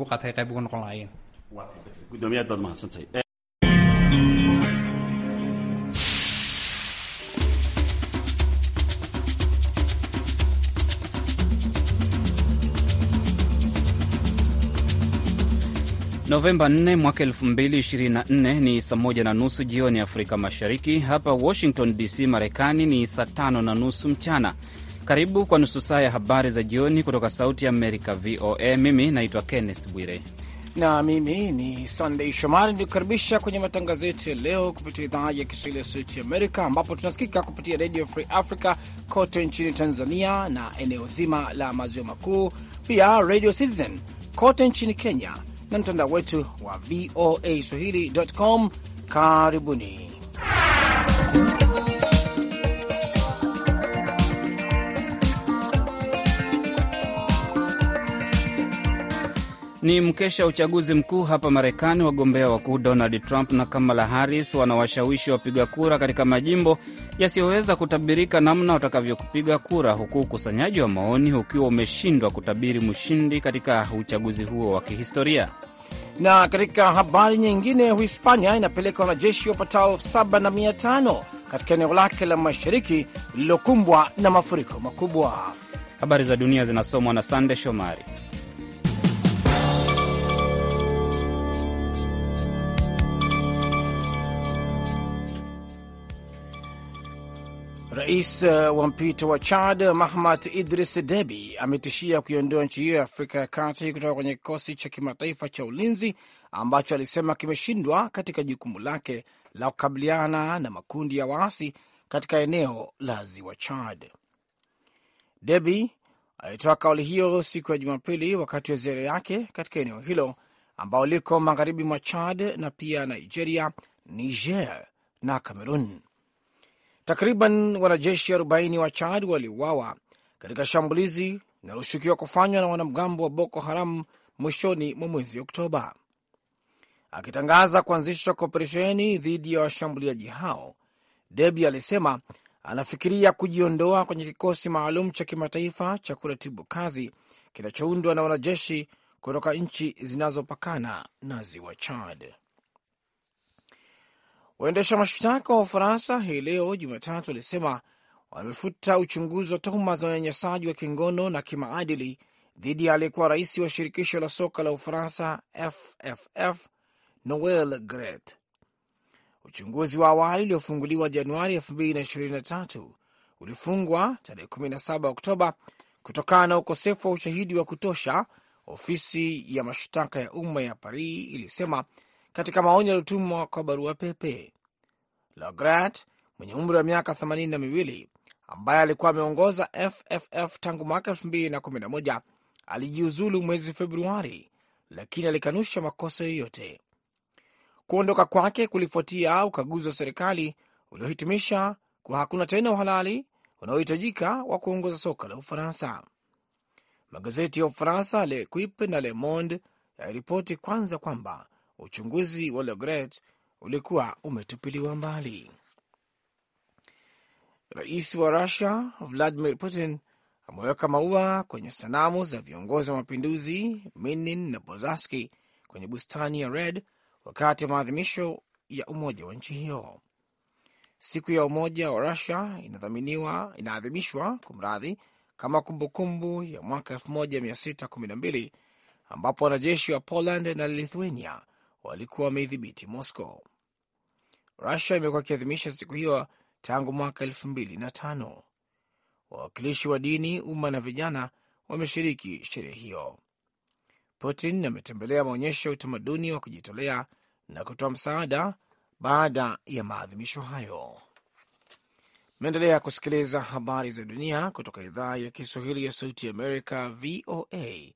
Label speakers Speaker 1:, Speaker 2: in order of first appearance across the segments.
Speaker 1: ku qatay qayb uga noqon lahaayeen baad Novemba 4 mwaka 2024 ni saa moja na nusu jioni Afrika Mashariki. Hapa Washington DC, Marekani ni saa tano na nusu mchana. Karibu kwa nusu saa ya habari za jioni kutoka Sauti ya Amerika, VOA. Mimi naitwa Kenneth
Speaker 2: Bwire na mimi ni Sandei Shomari, nikukaribisha kwenye matangazo yetu ya leo kupitia idhaa ya Kiswahili ya Sauti Amerika, ambapo tunasikika kupitia Redio Free Africa kote nchini Tanzania na eneo zima la maziwa makuu, pia Radio Citizen kote nchini Kenya na mtandao wetu wa VOA swahili.com. Karibuni
Speaker 1: Ni mkesha uchaguzi mkuu hapa Marekani. Wagombea wakuu Donald Trump na Kamala Harris wanawashawishi wapiga kura katika majimbo yasiyoweza kutabirika namna watakavyokupiga kura, huku ukusanyaji wa maoni ukiwa umeshindwa kutabiri mshindi katika uchaguzi huo wa kihistoria.
Speaker 2: Na katika habari nyingine, Uhispania inapeleka wanajeshi wapatao saba na mia tano katika eneo lake la mashariki lililokumbwa na mafuriko makubwa.
Speaker 1: Habari za dunia zinasomwa na Sande Shomari.
Speaker 2: Rais uh, wa mpito wa Chad Mahamat Idris debi ametishia kuiondoa nchi hiyo ya Afrika ya Kati kutoka kwenye kikosi cha kimataifa cha ulinzi ambacho alisema kimeshindwa katika jukumu lake la kukabiliana na makundi ya waasi katika eneo la ziwa Chad. debi alitoa kauli hiyo siku ya Jumapili wakati wa ziara yake katika eneo hilo ambao liko magharibi mwa Chad na pia Nigeria, Niger na Cameroon. Takriban wanajeshi 40 wa Chad waliuawa katika shambulizi linaloshukiwa kufanywa na wanamgambo wa Boko Haram mwishoni mwa mwezi Oktoba. Akitangaza kuanzishwa kwa operesheni dhidi ya washambuliaji hao, Debi alisema anafikiria kujiondoa kwenye kikosi maalum cha kimataifa cha kuratibu kazi kinachoundwa na wanajeshi kutoka nchi zinazopakana na ziwa Chad. Waendesha mashtaka wa Ufaransa hii leo Jumatatu walisema wamefuta uchunguzi wa tuhuma za unyanyasaji wa kingono na kimaadili dhidi ya aliyekuwa rais wa shirikisho la soka la Ufaransa FFF Noel Gret. Uchunguzi wa awali uliofunguliwa Januari 2023 ulifungwa tarehe 17 Oktoba kutokana na ukosefu wa ushahidi wa kutosha, ofisi ya mashtaka ya umma ya Paris ilisema katika maoni yaliyotumwa kwa barua pepe. Lagrat mwenye umri wa miaka themanini na miwili ambaye alikuwa ameongoza FFF tangu mwaka 211 alijiuzulu mwezi Februari, lakini alikanusha makosa yoyote. Kuondoka kwake kulifuatia ukaguzi wa serikali uliohitimisha kuwa hakuna tena uhalali unaohitajika wa kuongoza soka la Ufaransa. Magazeti ya Ufaransa Le na Le Monde yaliripoti kwanza kwamba uchunguzi wa legret ulikuwa umetupiliwa mbali. Rais wa Rusia Vladimir Putin ameweka maua kwenye sanamu za viongozi wa mapinduzi Minin na Bozaski kwenye bustani ya Red wakati wa maadhimisho ya umoja wa nchi hiyo. Siku ya umoja wa Rusia inadhaminiwa inaadhimishwa kumradhi, kama kumbukumbu kumbu ya mwaka 1612 ambapo wanajeshi wa Poland na Lithuania walikuwa wameidhibiti Moscow. Rusia imekuwa ikiadhimisha siku hiyo tangu mwaka elfu mbili na tano. Wawakilishi wa dini, umma na vijana wameshiriki sherehe hiyo. Putin ametembelea maonyesho ya utamaduni wa kujitolea na kutoa msaada baada ya maadhimisho hayo. meendelea kusikiliza habari za dunia kutoka idhaa ya Kiswahili ya Sauti ya Amerika, VOA,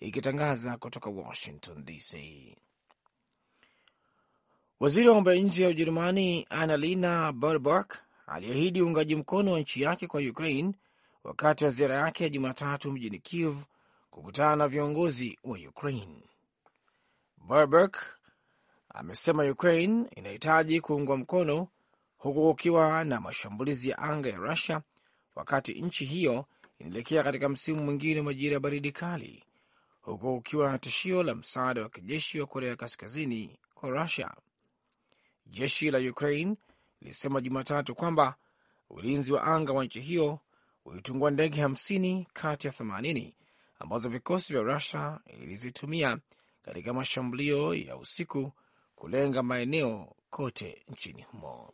Speaker 2: ikitangaza kutoka Washington DC. Waziri wa mambo ya nje ya Ujerumani Annalena Baerbock aliahidi uungaji mkono wa nchi yake kwa Ukraine wakati wa ziara yake ya Jumatatu mjini Kiev kukutana na viongozi wa Ukraine. Baerbock amesema Ukraine inahitaji kuungwa mkono huku kukiwa na mashambulizi ya anga ya Rusia, wakati nchi hiyo inaelekea katika msimu mwingine wa majira ya baridi kali, huku kukiwa na tishio la msaada wa kijeshi wa Korea Kaskazini kwa Rusia. Jeshi la Ukraine lilisema Jumatatu kwamba ulinzi wa anga wa nchi hiyo ulitungua ndege 50 kati ya 80 ambazo vikosi vya Rusia ilizitumia katika mashambulio ya usiku kulenga maeneo kote nchini humo.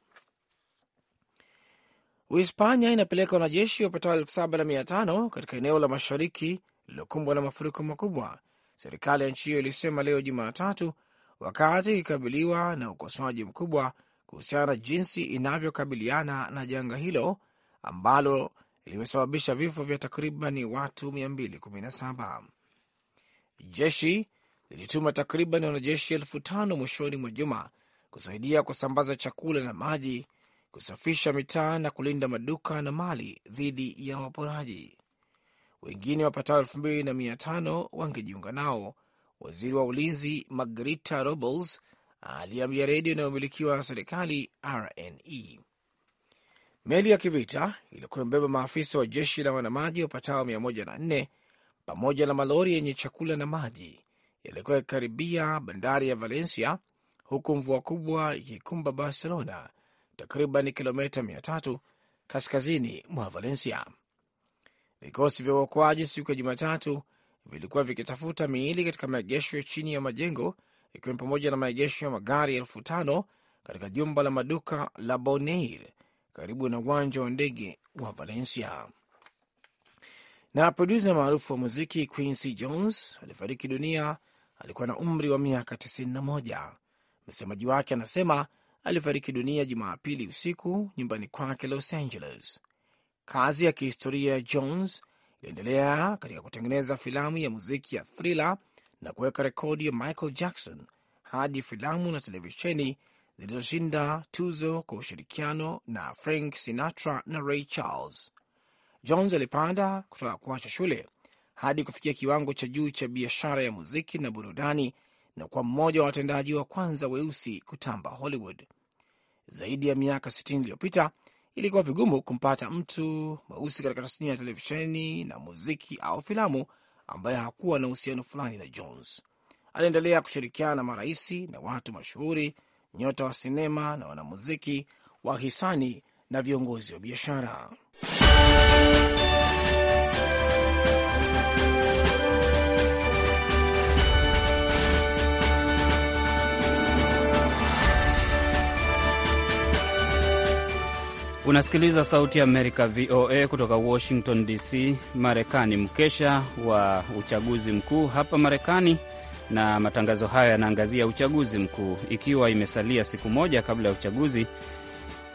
Speaker 2: Uhispania inapeleka wanajeshi wapatao elfu saba na mia tano katika eneo la mashariki lililokumbwa na mafuriko makubwa, serikali ya nchi hiyo ilisema leo Jumatatu, wakati ikikabiliwa na ukosoaji mkubwa kuhusiana na jinsi inavyokabiliana na janga hilo ambalo limesababisha vifo vya takriban watu 217. Jeshi lilituma takriban wanajeshi elfu tano mwishoni mwa juma kusaidia kusambaza chakula na maji, kusafisha mitaa na kulinda maduka na mali dhidi ya waporaji. Wengine wapatao elfu mbili na mia tano wangejiunga nao Waziri wa ulinzi Margarita Robles aliambia redio inayomilikiwa na serikali RNE meli ya kivita ilikuwa imebeba maafisa wa jeshi la wanamaji wapatao 104 pamoja na malori yenye chakula na maji yalikuwa yakikaribia bandari ya Valencia, huku mvua kubwa ikikumba Barcelona, takriban kilomita 300 kaskazini mwa Valencia. Vikosi vya uokoaji siku ya Jumatatu vilikuwa vikitafuta miili katika maegesho chini ya majengo, ikiwa ni pamoja na maegesho ya magari elfu tano katika jumba la maduka la Bonair karibu na uwanja wa ndege wa Valencia. Na produsa maarufu wa muziki Quincy Jones alifariki dunia, alikuwa na umri wa miaka 91. Msemaji wake anasema alifariki dunia Jumapili usiku nyumbani kwake Los Angeles. Kazi ya kihistoria ya Jones iliendelea katika kutengeneza filamu ya muziki ya Thriller na kuweka rekodi ya Michael Jackson hadi filamu na televisheni zilizoshinda tuzo kwa ushirikiano na Frank Sinatra na Ray Charles. Jones alipanda kutoka kuacha shule hadi kufikia kiwango cha juu cha biashara ya muziki na burudani na kuwa mmoja wa watendaji wa kwanza weusi kutamba Hollywood. Zaidi ya miaka 60 iliyopita ilikuwa vigumu kumpata mtu mweusi katika tasnia ya televisheni na muziki au filamu ambaye hakuwa na uhusiano fulani na Jones. Aliendelea kushirikiana na maraisi na watu mashuhuri, nyota wa sinema na wanamuziki, wahisani na viongozi wa biashara.
Speaker 1: Unasikiliza Sauti ya Amerika, VOA, kutoka Washington DC, Marekani, mkesha wa uchaguzi mkuu hapa Marekani. Na matangazo hayo yanaangazia uchaguzi mkuu, ikiwa imesalia siku moja kabla ya uchaguzi.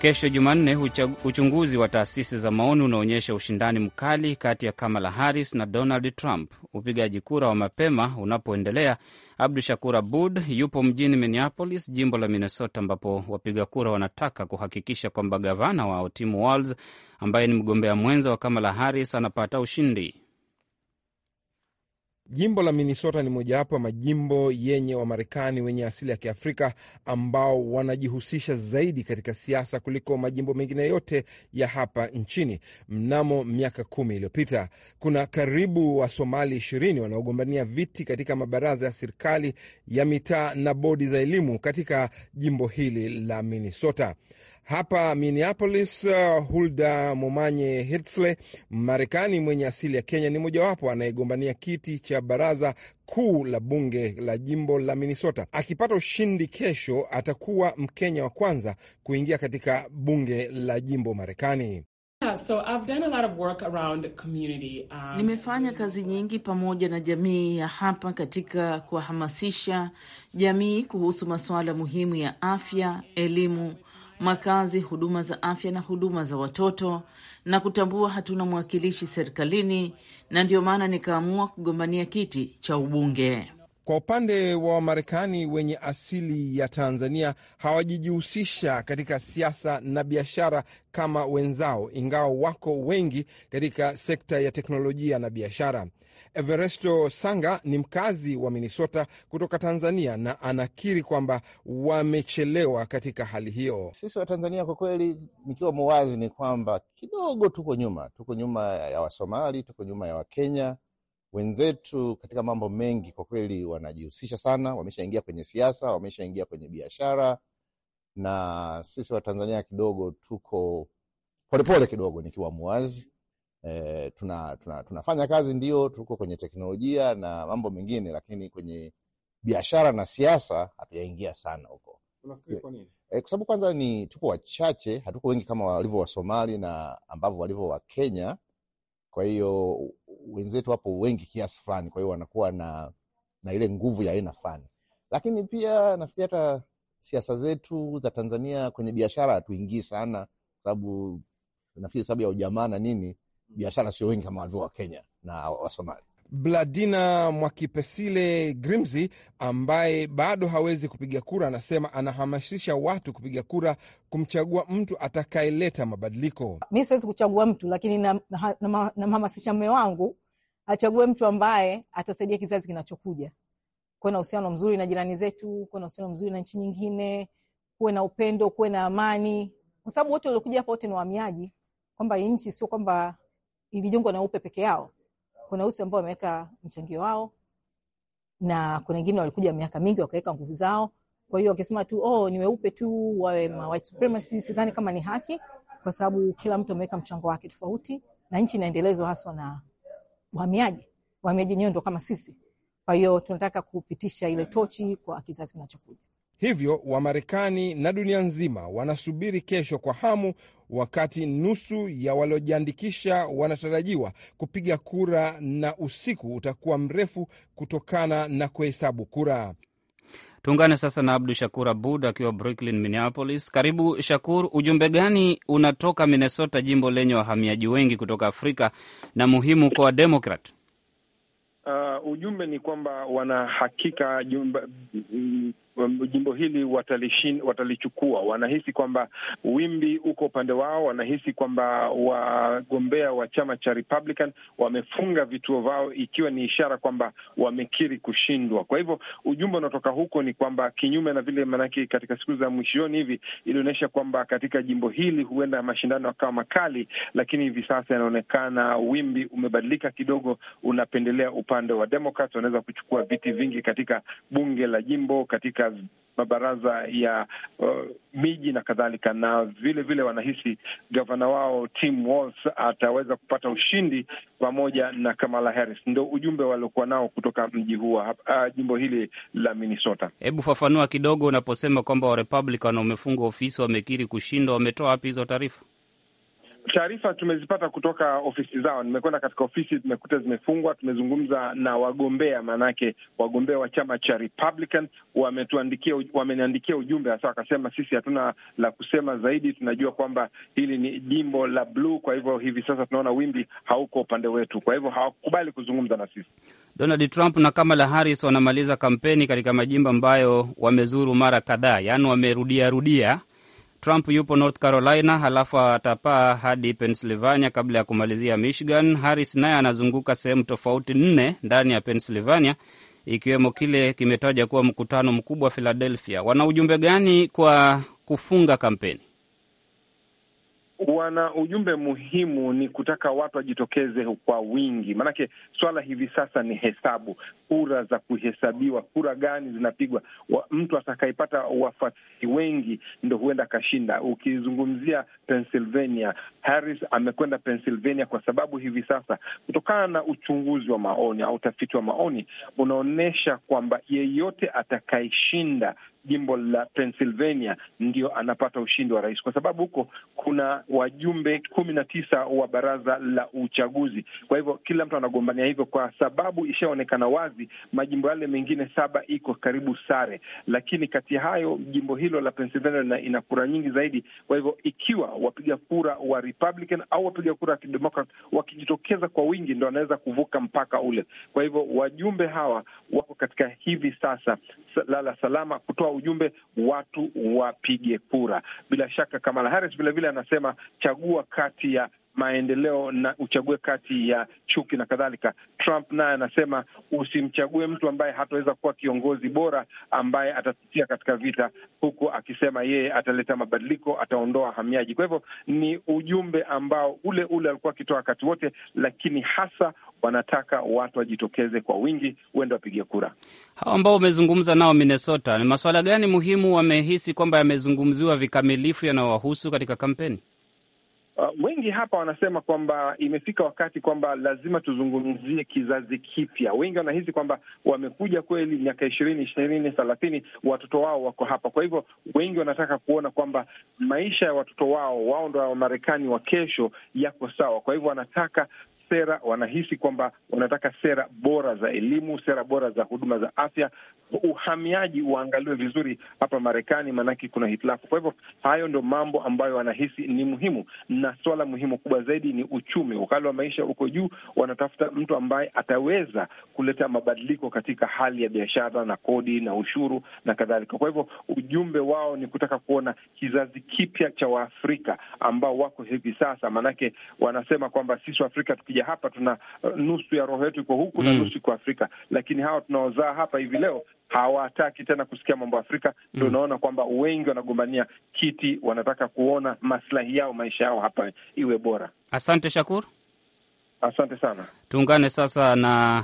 Speaker 1: Kesho Jumanne, uchunguzi wa taasisi za maoni unaonyesha ushindani mkali kati ya Kamala Harris na Donald Trump, upigaji kura wa mapema unapoendelea Abdu Shakur Abud yupo mjini Minneapolis, jimbo la Minnesota, ambapo wapiga kura wanataka kuhakikisha kwamba gavana wao Tim Walz ambaye ni mgombea mwenza wa Kamala Harris anapata
Speaker 3: ushindi. Jimbo la Minnesota ni mojawapo ya majimbo yenye Wamarekani wenye asili ya Kiafrika ambao wanajihusisha zaidi katika siasa kuliko majimbo mengine yote ya hapa nchini. Mnamo miaka kumi iliyopita, kuna karibu Wasomali ishirini wanaogombania viti katika mabaraza ya serikali ya mitaa na bodi za elimu katika jimbo hili la Minnesota. Hapa Minneapolis, uh, Hulda Momanye Hitsley, Marekani mwenye asili ya Kenya, ni mojawapo anayegombania kiti cha baraza kuu la bunge la jimbo la Minnesota. Akipata ushindi kesho, atakuwa Mkenya wa kwanza kuingia katika bunge la jimbo Marekani.
Speaker 4: Um,
Speaker 1: nimefanya kazi nyingi pamoja na jamii ya hapa katika kuwahamasisha jamii kuhusu masuala muhimu ya afya, elimu makazi, huduma za afya na huduma za watoto, na kutambua hatuna mwakilishi serikalini, na ndiyo maana nikaamua kugombania kiti cha
Speaker 3: ubunge. Kwa upande wa Wamarekani wenye asili ya Tanzania hawajijihusisha katika siasa na biashara kama wenzao, ingawa wako wengi katika sekta ya teknolojia na biashara. Everesto Sanga ni mkazi wa Minnesota kutoka
Speaker 4: Tanzania na anakiri kwamba wamechelewa katika hali hiyo. Sisi Watanzania kwa kweli, nikiwa muwazi, ni kwamba kidogo tuko nyuma, tuko nyuma ya Wasomali, tuko nyuma ya Wakenya wenzetu katika mambo mengi kwa kweli wanajihusisha sana, wameshaingia kwenye siasa, wameshaingia kwenye biashara, na sisi Watanzania kidogo tuko polepole kidogo, nikiwa muwazi e, tuna, tuna, tunafanya kazi ndio, tuko kwenye teknolojia na mambo mengine, lakini kwenye biashara na siasa hatujaingia sana huko. E, kwa sababu kwanza ni tuko wachache, hatuko wengi kama walivyo Wasomali na ambavyo walivyo Wakenya kwa hiyo wenzetu wapo wengi kiasi fulani, kwa hiyo wanakuwa na, na ile nguvu ya aina fulani, lakini pia nafikiri hata siasa zetu za Tanzania kwenye biashara hatuingii sana, sababu nafikiri sababu ya ujamaa na nini, mm. biashara sio wengi kama walivyo Wakenya na Wasomali.
Speaker 3: Bladina Mwakipesile Grimzi, ambaye bado hawezi kupiga kura, anasema anahamasisha watu kupiga kura kumchagua mtu atakayeleta mabadiliko.
Speaker 5: Mi siwezi kuchagua mtu, lakini namhamasisha
Speaker 1: na, na, na mme wangu achague mtu ambaye atasaidia kizazi kinachokuja, kuwe na uhusiano mzuri na jirani zetu, kuwe na uhusiano mzuri na nchi nyingine, kuwe na upendo, kuwe na amani, kwa sababu wote waliokuja hapa wote ni wahamiaji, kwamba nchi sio kwamba ilijengwa na upe peke yao kuna weusi ambao wameweka mchangio wao
Speaker 5: na kuna wengine walikuja
Speaker 1: miaka mingi wakaweka nguvu zao. Kwa hiyo wakisema tu oh, ni weupe tu wawe ma white supremacy,
Speaker 5: sidhani kama ni haki, kwa sababu kila mtu ameweka mchango wake tofauti, na nchi inaendelezwa haswa na uhamiaji. Uhamiaji wenyewe ndo kama sisi. Kwa hiyo tunataka kupitisha ile
Speaker 4: tochi kwa kizazi kinachokuja.
Speaker 3: Hivyo Wamarekani na dunia nzima wanasubiri kesho kwa hamu wakati nusu ya waliojiandikisha wanatarajiwa kupiga kura, na usiku utakuwa mrefu kutokana na kuhesabu kura.
Speaker 1: Tuungane sasa na Abdu Shakur Abud akiwa Brooklyn, Minneapolis. Karibu Shakur, ujumbe gani unatoka Minnesota, jimbo lenye wahamiaji wengi kutoka Afrika na muhimu kwa Wademokrat?
Speaker 3: Uh, ujumbe ni kwamba wanahakika jumba Um, jimbo hili watalishin, watalichukua. Wanahisi kwamba wimbi uko upande wao, wanahisi kwamba wagombea wa chama cha Republican wamefunga vituo vao, ikiwa ni ishara kwamba wamekiri kushindwa. Kwa hivyo ujumbe unaotoka huko ni kwamba kinyume na vile, maanake katika siku za mwishoni hivi ilionyesha kwamba katika jimbo hili huenda mashindano yakawa makali, lakini hivi sasa yanaonekana wimbi umebadilika kidogo, unapendelea upande wa Democrats. Wanaweza kuchukua viti vingi katika bunge la jimbo katika mabaraza ya uh, miji na kadhalika, na vile vile wanahisi gavana wao Tim Walz ataweza kupata ushindi pamoja na Kamala Harris. Ndo ujumbe waliokuwa nao kutoka mji huo uh, jimbo hili la Minnesota.
Speaker 1: Hebu fafanua kidogo unaposema kwamba Warepublican wamefunga ofisi, wamekiri kushindwa, wametoa wapi hizo taarifa?
Speaker 3: Taarifa tumezipata kutoka ofisi zao. Nimekwenda katika ofisi, tumekuta zimefungwa. Tumezungumza na wagombea, maanake wagombea wa chama cha Republican wametuandikia, wameniandikia ujumbe hasa, wakasema sisi hatuna la kusema zaidi, tunajua kwamba hili ni jimbo la bluu, kwa hivyo hivi sasa tunaona wimbi hauko upande wetu, kwa hivyo hawakubali kuzungumza na sisi.
Speaker 1: Donald Trump na Kamala Harris wanamaliza kampeni katika majimbo ambayo wamezuru mara kadhaa, yaani wamerudiarudia Trump yupo North Carolina, halafu atapaa hadi Pennsylvania kabla ya kumalizia Michigan. Harris naye anazunguka sehemu tofauti nne ndani ya Pennsylvania, ikiwemo kile kimetaja kuwa mkutano mkubwa Philadelphia. Wana ujumbe gani kwa kufunga kampeni?
Speaker 3: wana ujumbe muhimu, ni kutaka watu wajitokeze kwa wingi, maanake swala hivi sasa ni hesabu, kura za kuhesabiwa, kura gani zinapigwa, mtu atakayepata wafuasi wengi ndo huenda akashinda. Ukizungumzia Pennsylvania, Harris amekwenda Pennsylvania kwa sababu hivi sasa, kutokana na uchunguzi wa maoni au utafiti wa maoni unaonyesha kwamba yeyote atakayeshinda jimbo la Pennsylvania ndio anapata ushindi wa rais, kwa sababu huko kuna wajumbe kumi na tisa wa baraza la uchaguzi. Kwa hivyo kila mtu anagombania hivyo, kwa sababu ishaonekana wazi majimbo yale mengine saba iko karibu sare, lakini kati ya hayo jimbo hilo la Pennsylvania ina kura nyingi zaidi. Kwa hivyo ikiwa wapiga kura wa Republican au wapiga kura wa kidemokrat wakijitokeza kwa wingi, ndo anaweza kuvuka mpaka ule. Kwa hivyo wajumbe hawa wako katika hivi sasa lala salama kutoa ujumbe watu wapige kura. Bila shaka Kamala Harris vilevile anasema chagua kati ya maendeleo na uchague kati ya chuki na kadhalika. Trump naye anasema usimchague mtu ambaye hataweza kuwa kiongozi bora ambaye atasitia katika vita, huku akisema yeye ataleta mabadiliko, ataondoa wahamiaji. Kwa hivyo ni ujumbe ambao ule ule alikuwa akitoa wakati wote, lakini hasa wanataka watu wajitokeze kwa wingi, huende wapige kura.
Speaker 1: Hao ambao umezungumza nao Minnesota, ni masuala gani muhimu wamehisi kwamba yamezungumziwa vikamilifu yanayowahusu katika kampeni?
Speaker 3: Uh, wengi hapa wanasema kwamba imefika wakati kwamba lazima tuzungumzie kizazi kipya. Wengi wanahisi kwamba wamekuja kweli, miaka ishirini ishirini thelathini watoto wao wako hapa. Kwa hivyo wengi wanataka kuona kwamba maisha ya watoto wao, wao ndo Wamarekani wa kesho, yako sawa. Kwa hivyo wanataka sera, wanahisi kwamba wanataka sera bora za elimu, sera bora za huduma za afya, uhamiaji uangaliwe vizuri hapa Marekani, maanake kuna hitilafu. Kwa hivyo hayo ndo mambo ambayo wanahisi ni muhimu, na swala muhimu kubwa zaidi ni uchumi. Ukali wa maisha uko juu, wanatafuta mtu ambaye ataweza kuleta mabadiliko katika hali ya biashara na kodi na ushuru na kadhalika. Kwa hivyo ujumbe wao ni kutaka kuona kizazi kipya cha Waafrika ambao wako hivi sasa, maanake wanasema kwamba sisi Waafrika tukija tunakuja hapa tuna uh, nusu ya roho yetu iko huku mm, na nusu iko Afrika, lakini hawa tunaozaa hapa hivi leo hawataki tena kusikia mambo ya Afrika. ndo mm, unaona kwamba wengi wanagombania kiti, wanataka kuona maslahi yao, maisha yao hapa iwe bora.
Speaker 1: Asante Shakur,
Speaker 3: asante sana.
Speaker 1: Tuungane sasa na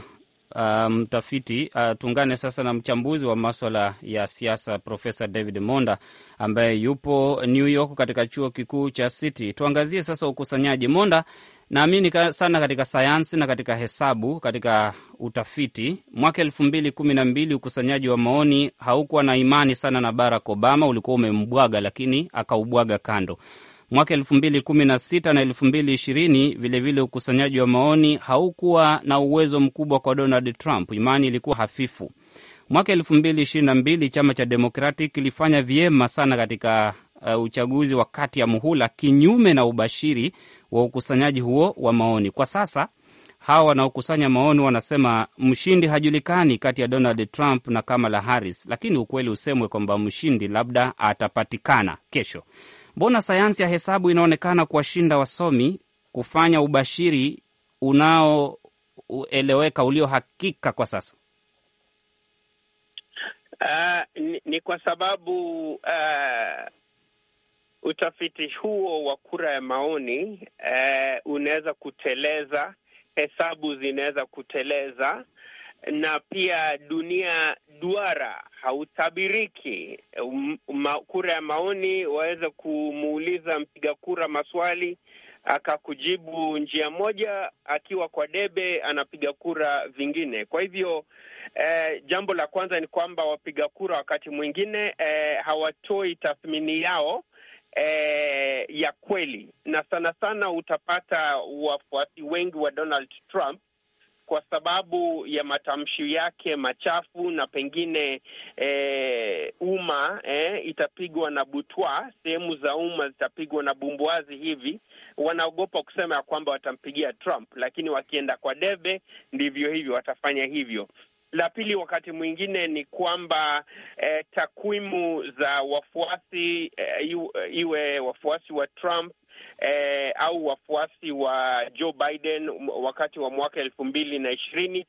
Speaker 1: mtafiti um, uh, tuungane sasa na mchambuzi wa maswala ya siasa Profesa David Monda ambaye yupo New York katika chuo kikuu cha City. Tuangazie sasa ukusanyaji. Monda, naamini sana katika sayansi na katika hesabu. Katika utafiti mwaka elfu mbili kumi na mbili ukusanyaji wa maoni haukuwa na imani sana na Barack Obama, ulikuwa umembwaga, lakini akaubwaga kando Mwaka elfu mbili kumi na sita na elfu mbili ishirini vilevile, ukusanyaji wa maoni haukuwa na uwezo mkubwa kwa Donald Trump, imani ilikuwa hafifu. Mwaka elfu mbili ishirini na mbili chama cha Democratic kilifanya vyema sana katika uh, uchaguzi wa kati ya muhula, kinyume na ubashiri wa ukusanyaji huo wa maoni. Kwa sasa hawa wanaokusanya maoni wanasema mshindi hajulikani kati ya Donald Trump na Kamala Harris, lakini ukweli usemwe kwamba mshindi labda atapatikana kesho. Mbona sayansi ya hesabu inaonekana kuwashinda wasomi kufanya ubashiri unaoeleweka uliohakika kwa sasa?
Speaker 6: Uh, ni, ni kwa sababu uh, utafiti huo wa kura ya maoni uh, unaweza kuteleza, hesabu zinaweza kuteleza na pia dunia duara hautabiriki. Um, kura ya maoni waweza kumuuliza mpiga kura maswali akakujibu njia moja, akiwa kwa debe anapiga kura vingine. Kwa hivyo eh, jambo la kwanza ni kwamba wapiga kura wakati mwingine eh, hawatoi tathmini yao eh, ya kweli, na sana sana utapata wafuasi wengi wa Donald Trump kwa sababu ya matamshi yake machafu na pengine e, eh, umma e, eh, itapigwa na butwa, sehemu za umma zitapigwa na bumbuazi hivi. Wanaogopa kusema ya kwamba watampigia Trump, lakini wakienda kwa debe ndivyo hivyo, watafanya hivyo. La pili, wakati mwingine ni kwamba eh, takwimu za wafuasi eh, iwe wafuasi wa Trump eh, au wafuasi wa Joe Biden wakati wa mwaka elfu mbili na ishirini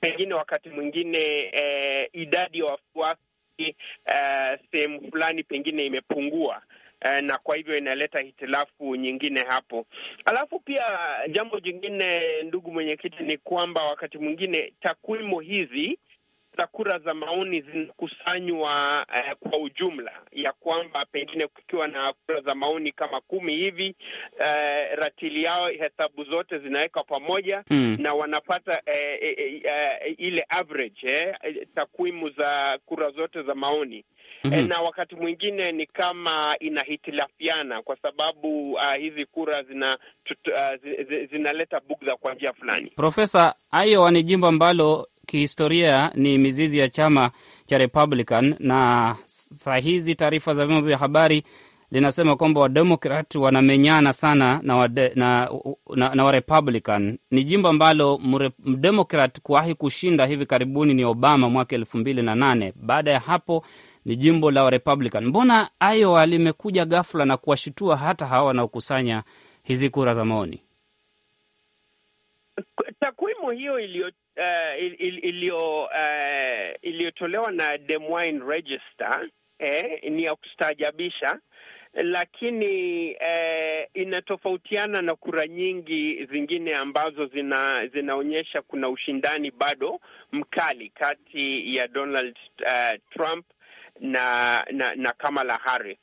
Speaker 6: pengine wakati mwingine eh, idadi ya wafuasi eh, sehemu fulani pengine imepungua eh, na kwa hivyo inaleta hitilafu nyingine hapo. Alafu pia jambo jingine, ndugu mwenyekiti, ni kwamba wakati mwingine takwimu hizi za kura za maoni zinakusanywa eh, kwa ujumla ya kwamba pengine kukiwa na kura za maoni kama kumi hivi eh, ratili yao hesabu zote zinawekwa pamoja mm. na wanapata eh, eh, eh, eh, ile average eh, takwimu za kura zote za maoni mm -hmm. na wakati mwingine ni kama inahitilafiana kwa sababu uh, hizi kura zina tutu, uh, ah, zi, zi, zinaleta bugdha kwa njia fulani.
Speaker 1: Profesa, Iowa ni jimbo ambalo kihistoria ni mizizi ya chama cha Republican, na saa hizi taarifa za vyombo vya habari linasema kwamba wademokrat wanamenyana sana na wade, na, na, na warepublican. Ni jimbo ambalo mdemokrat kuwahi kushinda hivi karibuni ni Obama mwaka elfu mbili na nane. Baada ya hapo ni jimbo la Republican. Mbona Iowa limekuja ghafla na kuwashutua hata hawa wanaokusanya hizi kura za maoni?
Speaker 6: Takwimu hiyo iliyo uh, eh, iliyo uh, eh, iliyotolewa na Des Moines Register eh, ni ya kustaajabisha, lakini eh, inatofautiana na kura nyingi zingine ambazo zina, zinaonyesha kuna ushindani bado mkali kati ya Donald uh, Trump na na, na Kamala Harris.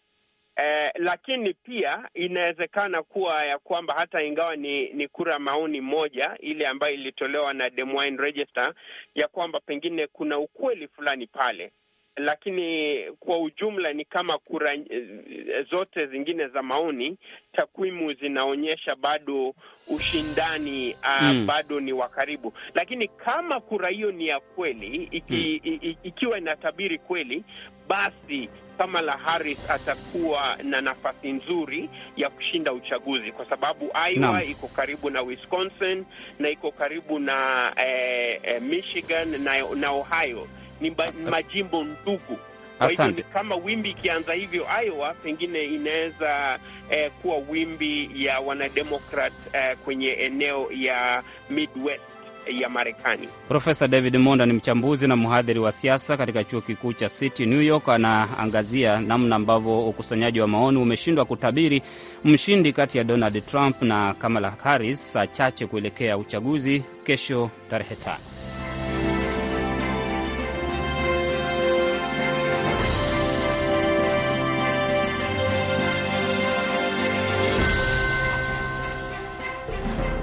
Speaker 6: Eh, lakini pia inawezekana kuwa ya kwamba hata ingawa ni, ni kura maoni moja ile ambayo ilitolewa na Des Moines Register ya kwamba pengine kuna ukweli fulani pale lakini kwa ujumla ni kama kura eh, zote zingine za maoni, takwimu zinaonyesha bado ushindani mm. bado ni wa karibu, lakini kama kura hiyo ni ya kweli iki, mm. ikiwa inatabiri kweli, basi Kamala Harris atakuwa na nafasi nzuri ya kushinda uchaguzi kwa sababu Iowa no. iko karibu na Wisconsin na iko karibu na eh, eh, Michigan na, na Ohio ni majimbo ndugu. Kwa hivyo ni kama wimbi ikianza hivyo Iowa, pengine inaweza eh, kuwa wimbi ya wanademokrat eh, kwenye eneo ya Midwest eh, ya Marekani.
Speaker 1: Profesa David Monda ni mchambuzi na mhadhiri wa siasa katika chuo kikuu cha City New York. Anaangazia namna ambavyo ukusanyaji wa maoni umeshindwa kutabiri mshindi kati ya Donald Trump na Kamala Harris saa chache kuelekea uchaguzi kesho tarehe tano.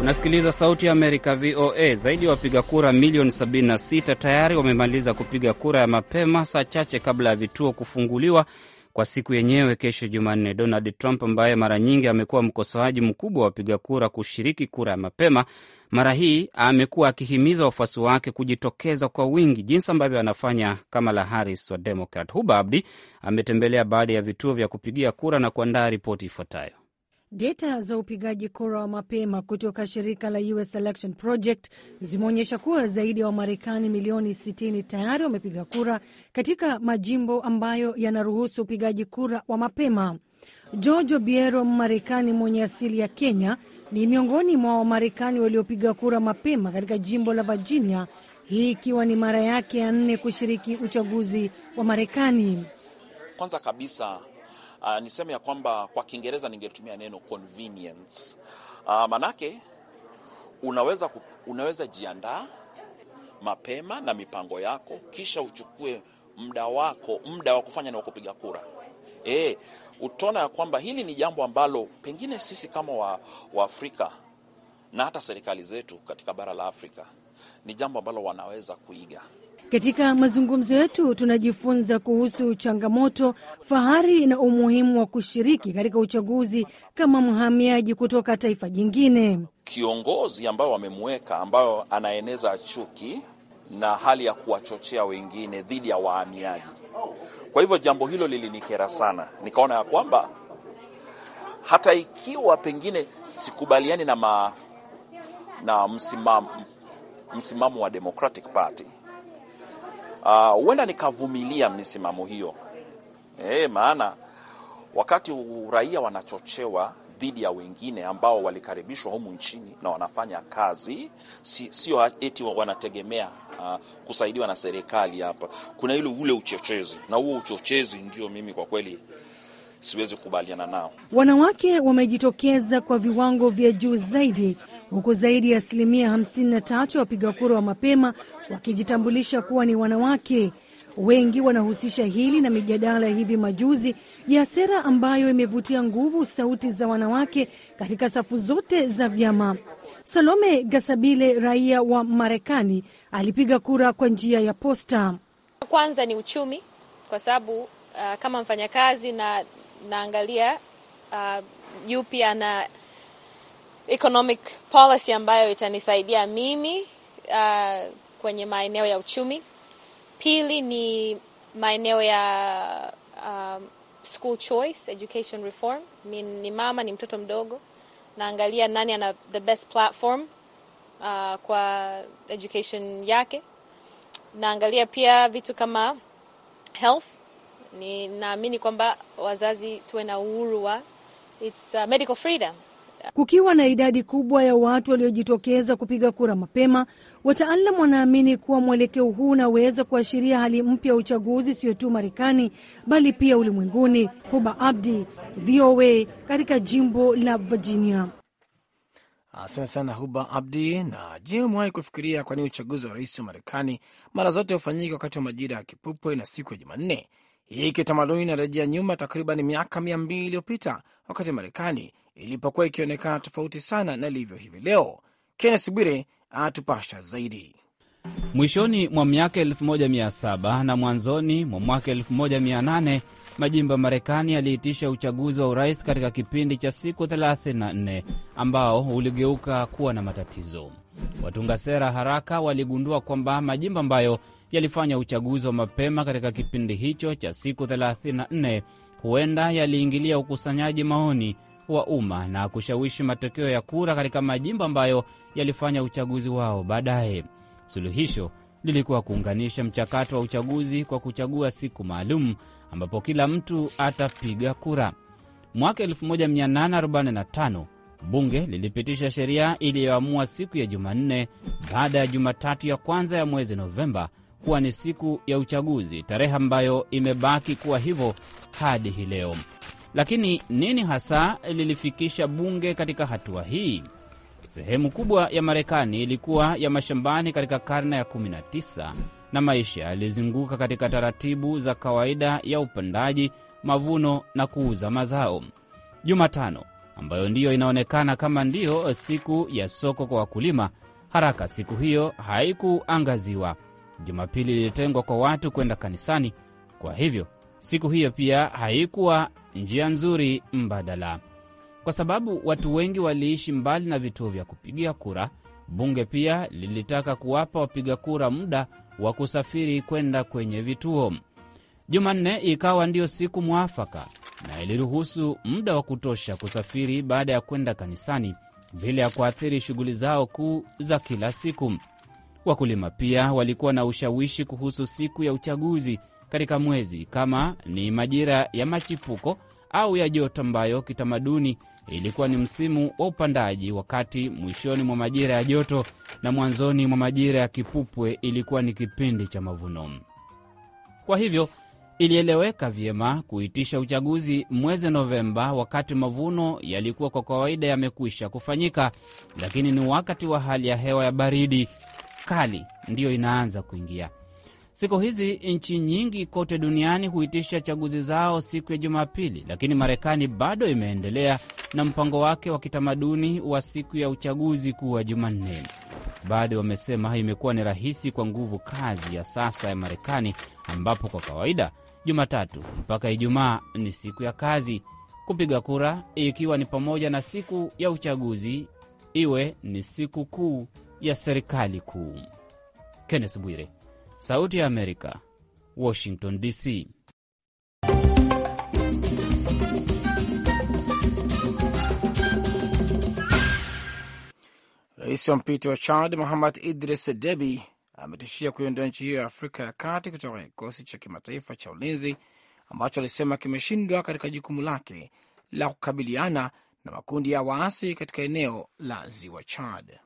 Speaker 1: Unasikiliza Sauti ya Amerika, VOA. Zaidi ya wapiga kura milioni 76 tayari wamemaliza kupiga kura ya mapema, saa chache kabla ya vituo kufunguliwa kwa siku yenyewe kesho Jumanne. Donald Trump ambaye mara nyingi amekuwa mkosoaji mkubwa wa wapiga kura kushiriki kura ya mapema, mara hii amekuwa akihimiza wafuasi wake kujitokeza kwa wingi, jinsi ambavyo anafanya Kamala Harris wa Demokrat. Huba Abdi ametembelea baadhi ya vituo vya kupigia kura na kuandaa ripoti ifuatayo.
Speaker 5: Data za upigaji kura wa mapema kutoka shirika la US Election Project zimeonyesha kuwa zaidi ya wa Wamarekani milioni 60 tayari wamepiga kura katika majimbo ambayo yanaruhusu upigaji kura wa mapema. George Obiero, Mmarekani mwenye asili ya Kenya, ni miongoni mwa Wamarekani waliopiga kura mapema katika jimbo la Virginia, hii ikiwa ni mara yake ya nne kushiriki uchaguzi wa Marekani.
Speaker 4: Kwanza kabisa uh, niseme ya kwamba kwa Kiingereza ningetumia neno convenience. Uh, manake unaweza, ku, unaweza jiandaa mapema na mipango yako kisha uchukue muda wako, muda wa kufanya na wa kupiga kura. E, utaona ya kwamba hili ni jambo ambalo pengine sisi kama wa, wa Afrika na hata serikali zetu katika bara la Afrika ni jambo ambalo wanaweza kuiga.
Speaker 5: Katika mazungumzo yetu tunajifunza kuhusu changamoto, fahari na umuhimu wa kushiriki katika uchaguzi kama mhamiaji kutoka taifa jingine.
Speaker 4: Kiongozi ambayo wamemweka, ambayo anaeneza chuki na hali ya kuwachochea wengine dhidi ya wahamiaji. Kwa hivyo jambo hilo lilinikera sana, nikaona ya kwamba hata ikiwa pengine sikubaliani na, ma, na msimamo msimamo wa Democratic Party Ah, huenda uh, nikavumilia misimamo hiyo e, maana wakati raia wanachochewa dhidi ya wengine ambao walikaribishwa humu nchini na wanafanya kazi, sio eti wanategemea uh, kusaidiwa na serikali. Hapa kuna ile ule uchochezi, na huo uchochezi ndio mimi kwa kweli siwezi kukubaliana nao.
Speaker 5: Wanawake wamejitokeza kwa viwango vya juu zaidi huku zaidi ya asilimia 53 ya wapiga kura wa mapema wakijitambulisha kuwa ni wanawake. Wengi wanahusisha hili na mijadala ya hivi majuzi ya sera ambayo imevutia nguvu sauti za wanawake katika safu zote za vyama. Salome Gasabile, raia wa Marekani, alipiga kura kwa njia ya posta.
Speaker 2: Kwanza ni uchumi, kwa sababu uh, kama mfanyakazi na naangalia uh, yupi ana economic policy ambayo itanisaidia mimi uh, kwenye maeneo ya uchumi. Pili ni maeneo ya um, school choice education reform. Mi ni mama, ni mtoto mdogo, naangalia nani ana the best platform uh, kwa education yake. Naangalia pia vitu kama health. Ninaamini kwamba wazazi tuwe na uhuru wa it's uh, medical freedom
Speaker 5: Kukiwa na idadi kubwa ya watu waliojitokeza kupiga kura mapema, wataalam wanaamini kuwa mwelekeo huu unaweza kuashiria hali mpya ya uchaguzi, sio tu Marekani bali pia ulimwenguni. Huba Abdi, VOA, katika jimbo la Virginia.
Speaker 2: Asante sana Huba Abdi. Na je, umewahi kufikiria kwa nini uchaguzi wa rais wa Marekani mara zote hufanyika wakati wa majira ya kipupwe na siku ya Jumanne hii kitamaduni inarejea nyuma takriban miaka mia mbili iliyopita wakati Marekani ilipokuwa ikionekana tofauti sana na ilivyo hivi leo. Kennes Bwire anatupasha zaidi.
Speaker 1: Mwishoni mwa miaka 1700 na mwanzoni mwa mwaka 1800 majimbo ya Marekani yaliitisha uchaguzi wa urais katika kipindi cha siku 34 ambao uligeuka kuwa na matatizo. Watunga sera haraka waligundua kwamba majimbo ambayo yalifanya uchaguzi wa mapema katika kipindi hicho cha siku 34 huenda yaliingilia ukusanyaji maoni wa umma na kushawishi matokeo ya kura katika majimbo ambayo yalifanya uchaguzi wao baadaye. Suluhisho lilikuwa kuunganisha mchakato wa uchaguzi kwa kuchagua siku maalum ambapo kila mtu atapiga kura. Mwaka 1845 bunge lilipitisha sheria iliyoamua siku ya Jumanne baada ya Jumatatu ya kwanza ya mwezi Novemba kuwa ni siku ya uchaguzi, tarehe ambayo imebaki kuwa hivyo hadi hii leo. Lakini nini hasa lilifikisha bunge katika hatua hii? Sehemu kubwa ya Marekani ilikuwa ya mashambani katika karne ya 19 na maisha yalizunguka katika taratibu za kawaida ya upandaji, mavuno na kuuza mazao. Jumatano ambayo ndiyo inaonekana kama ndiyo siku ya soko kwa wakulima. Haraka siku hiyo haikuangaziwa. Jumapili ilitengwa kwa watu kwenda kanisani, kwa hivyo siku hiyo pia haikuwa njia nzuri mbadala, kwa sababu watu wengi waliishi mbali na vituo vya kupigia kura. Bunge pia lilitaka kuwapa wapiga kura muda wa kusafiri kwenda kwenye vituo. Jumanne ikawa ndiyo siku mwafaka na iliruhusu muda wa kutosha kusafiri baada ya kwenda kanisani bila ya kuathiri shughuli zao kuu za kila siku. Wakulima pia walikuwa na ushawishi kuhusu siku ya uchaguzi katika mwezi, kama ni majira ya machipuko au ya joto, ambayo kitamaduni ilikuwa ni msimu wa upandaji, wakati mwishoni mwa majira ya joto na mwanzoni mwa majira ya kipupwe ilikuwa ni kipindi cha mavuno. Kwa hivyo Ilieleweka vyema kuitisha uchaguzi mwezi Novemba wakati mavuno yalikuwa kwa kawaida yamekwisha kufanyika, lakini ni wakati wa hali ya hewa ya baridi kali ndiyo inaanza kuingia. Siku hizi nchi nyingi kote duniani huitisha chaguzi zao siku ya Jumapili, lakini Marekani bado imeendelea na mpango wake wa kitamaduni wa siku ya uchaguzi kuwa Jumanne. Baadhi wamesema imekuwa ni rahisi kwa nguvu kazi ya sasa ya Marekani, ambapo kwa kawaida Jumatatu mpaka Ijumaa ni siku ya kazi. Kupiga kura ikiwa ni pamoja na siku ya uchaguzi iwe ni siku kuu ya serikali kuu. Kenneth Bwire, Sauti ya Amerika, Washington DC.
Speaker 2: Rais wa mpito wa Chad Muhammad Idris Debi ametishia kuiondoa nchi hiyo ya Afrika ya Kati kutoka kwenye kikosi cha kimataifa cha ulinzi ambacho alisema kimeshindwa katika jukumu lake la kukabiliana na makundi ya waasi katika eneo la ziwa Chad.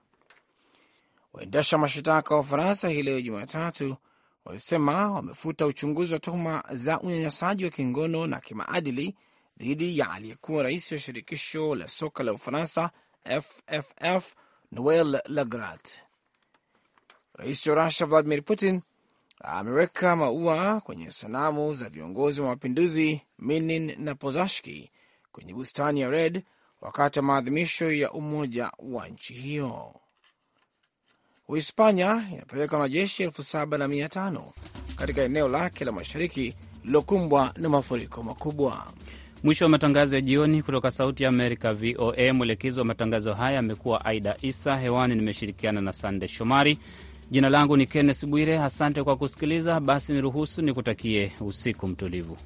Speaker 2: Waendesha mashitaka wa Ufaransa hii leo Jumatatu walisema wamefuta uchunguzi wa tuhuma za unyanyasaji wa kingono na kimaadili dhidi ya aliyekuwa rais wa shirikisho la soka la Ufaransa FFF Noel lagrat Rais wa Rusia Vladimir Putin ameweka maua kwenye sanamu za viongozi wa mapinduzi Minin na Pozashki kwenye bustani ya Red wakati wa maadhimisho ya umoja wa nchi hiyo. Uhispanya inapeleka majeshi elfu saba na mia tano katika eneo lake la mashariki lililokumbwa na mafuriko makubwa.
Speaker 1: Mwisho wa matangazo ya jioni kutoka Sauti ya Amerika, VOA. Mwelekezi wa matangazo haya amekuwa Aida Isa. Hewani nimeshirikiana na Sande Shomari. Jina langu ni Kenneth Bwire, asante kwa kusikiliza. Basi niruhusu nikutakie usiku mtulivu.